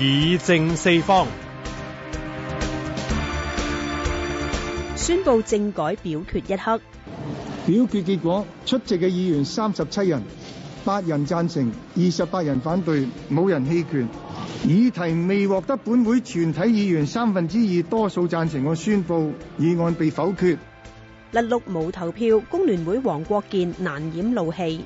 議政四方，宣布政改表決一刻。表決結果，出席嘅議員三十七人，八人贊成，二十八人反對，冇人棄權。議題未獲得本會全體議員三分之二多數贊成，我宣布議案被否決。甩轆冇投票，工聯會黃國健難掩怒氣。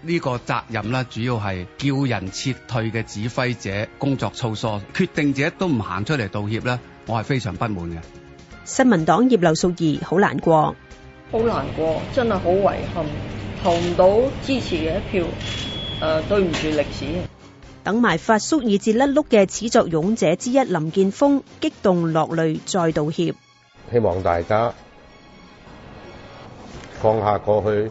呢個責任啦，主要係叫人撤退嘅指揮者工作粗疏，決定者都唔行出嚟，道歉呢，我係非常不滿嘅。新民黨葉劉淑儀好難過，好難過，真係好遺憾，投唔到支持嘅一票，誒、呃，對唔住歷史。等埋發叔以至甩碌嘅始作俑者之一林健鋒激動落淚，再道歉，希望大家放下過去。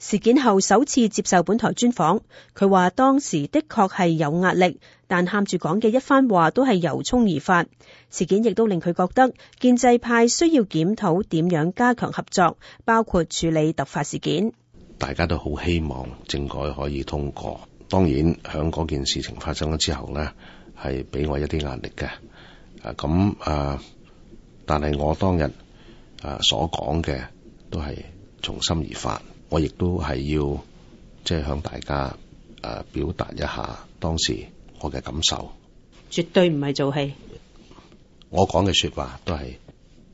事件後首次接受本台專訪，佢話當時的確係有壓力，但喊住講嘅一番話都係由衷而發。事件亦都令佢覺得建制派需要檢討點樣加強合作，包括處理突發事件。大家都好希望政改可以通過，當然響嗰件事情發生咗之後呢，係俾我一啲壓力嘅。啊咁啊，但係我當日啊所講嘅都係從心而發。我亦都係要即係、就是、向大家誒表達一下當時我嘅感受，絕對唔係做戲。我講嘅說話都係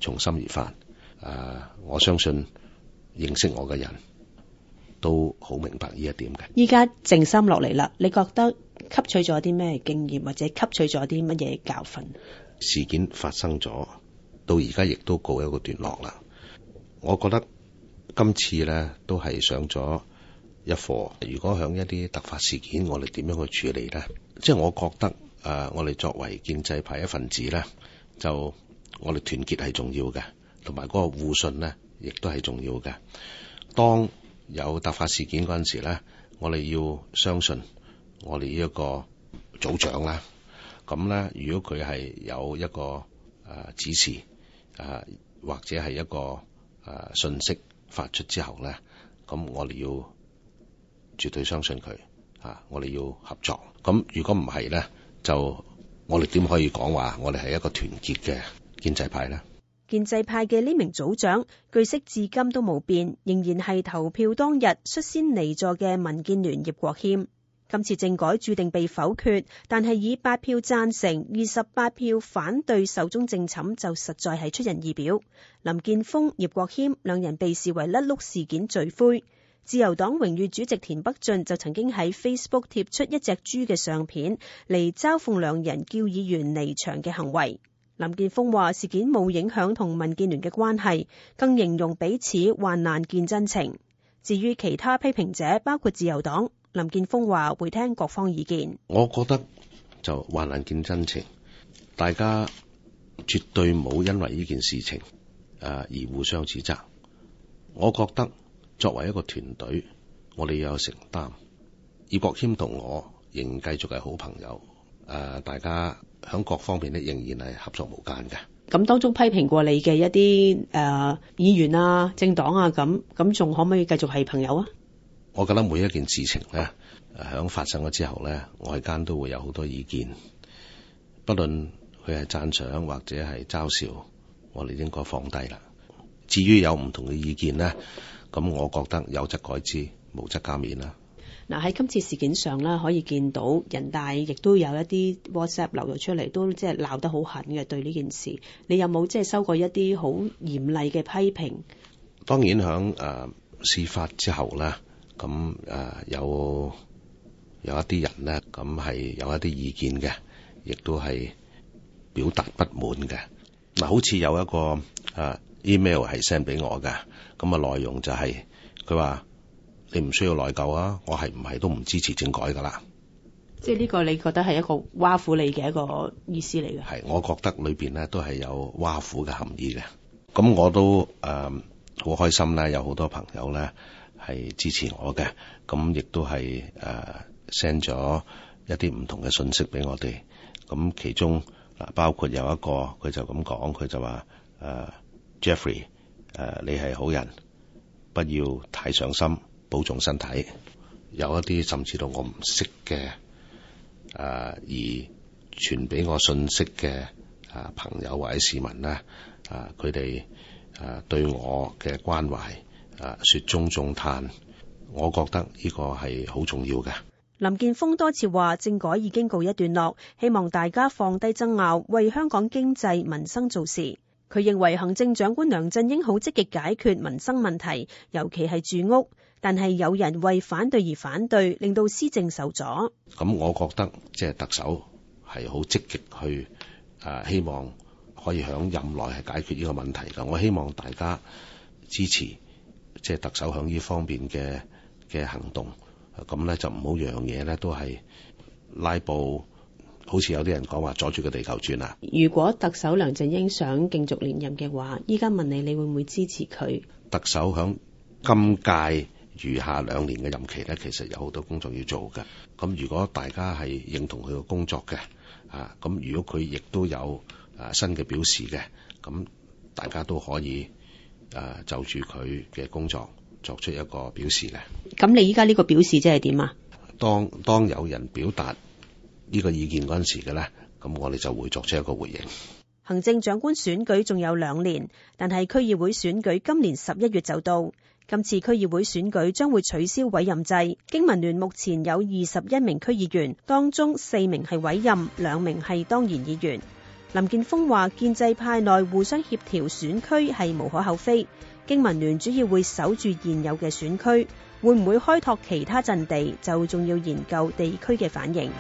從心而發，誒、uh,，我相信認識我嘅人都好明白呢一點嘅。依家靜心落嚟啦，你覺得吸取咗啲咩經驗，或者吸取咗啲乜嘢教訓？事件發生咗，到而家亦都告一個段落啦。我覺得。今次咧都係上咗一課。如果響一啲突發事件，我哋點樣去處理咧？即係我覺得誒、呃，我哋作為建制派一份子咧，就我哋團結係重要嘅，同埋嗰個互信咧，亦都係重要嘅。當有突發事件嗰陣時咧，我哋要相信我哋呢一個組長啦。咁咧，如果佢係有一個誒指示誒，或者係一個誒、呃、信息，發出之後呢，咁我哋要絕對相信佢啊，我哋要合作。咁如果唔係呢，就我哋點可以講話我哋係一個團結嘅建制派呢？建制派嘅呢名組長，據悉至今都冇變，仍然係投票當日率先離座嘅民建聯葉國謙。今次政改注定被否決，但係以八票贊成、二十八票反對，壽終正寢，就實在係出人意表。林健鋒、葉國謙兩人被視為甩轆事件罪魁。自由黨榮譽主席田北俊就曾經喺 Facebook 貼出一隻豬嘅相片，嚟嘲諷兩人叫議員離場嘅行為。林健鋒話事件冇影響同民建聯嘅關係，更形容彼此患難見真情。至於其他批評者，包括自由黨。林健鋒話：會聽各方意見。我覺得就患難見真情，大家絕對冇因為呢件事情誒而互相指責。我覺得作為一個團隊，我哋要有承擔。葉國謙同我仍繼續係好朋友。誒、啊，大家喺各方面咧仍然係合作無間嘅。咁當中批評過你嘅一啲誒、呃、議員啊、政黨啊，咁咁仲可唔可以繼續係朋友啊？我覺得每一件事情咧，喺發生咗之後咧，外間都會有好多意見，不論佢係讚賞或者係嘲笑，我哋應該放低啦。至於有唔同嘅意見咧，咁我覺得有則改之，無則加勉啦。嗱喺、啊、今次事件上咧，可以見到人大亦都有一啲 WhatsApp 流咗出嚟，都即係鬧得好狠嘅對呢件事。你有冇即係收過一啲好嚴厲嘅批評？當然喺誒、呃、事發之後咧。咁誒、嗯、有有一啲人咧，咁、嗯、係有一啲意見嘅，亦都係表達不滿嘅。嗱、嗯，好似有一個誒、嗯、email 係 send 俾我嘅，咁、嗯、啊內容就係佢話你唔需要內疚啊，我係唔係都唔支持政改㗎喇？即係呢個，你覺得係一個挖苦你嘅一個意思嚟嘅？係，我覺得裏邊咧都係有挖苦嘅含義嘅。咁、嗯、我都誒好、嗯、開心啦，有好多朋友咧。係支持我嘅，咁亦都係誒 send 咗一啲唔同嘅信息俾我哋。咁其中嗱，包括有一個佢就咁講，佢就話誒、呃、Jeffrey 誒、呃，你係好人，不要太上心，保重身體。有一啲甚至到我唔識嘅誒而傳俾我信息嘅啊朋友或者市民咧啊，佢哋誒對我嘅關懷。啊！說中中嘆，我覺得呢個係好重要嘅。林健鋒多次話政改已經告一段落，希望大家放低爭拗，為香港經濟民生做事。佢認為行政長官梁振英好積極解決民生問題，尤其係住屋。但係有人為反對而反對，令到施政受阻。咁、嗯、我覺得即係、就是、特首係好積極去誒、呃，希望可以喺任內係解決呢個問題噶。我希望大家支持。即係特首喺呢方面嘅嘅行動，咁、啊、咧就唔好樣嘢咧，都係拉布，好似有啲人講話阻住個地球轉啦！如果特首梁振英想競逐連任嘅話，依家問你，你會唔會支持佢？特首喺今屆餘下兩年嘅任期咧，其實有好多工作要做嘅。咁如果大家係認同佢嘅工作嘅，啊，咁如果佢亦都有啊新嘅表示嘅，咁大家都可以。誒、啊、就住佢嘅工作作出一個表示咧。咁你依家呢個表示即係點啊？當當有人表達呢個意見嗰陣時嘅咧，咁我哋就會作出一個回應。行政長官選舉仲有兩年，但係區議會選舉今年十一月就到。今次區議會選舉將會取消委任制。經民聯目前有二十一名區議員，當中四名係委任，兩名係當然議員。林健鋒話，建制派內互相協調選區係無可厚非。經民聯主要會守住現有嘅選區，會唔會開拓其他陣地就仲要研究地區嘅反應。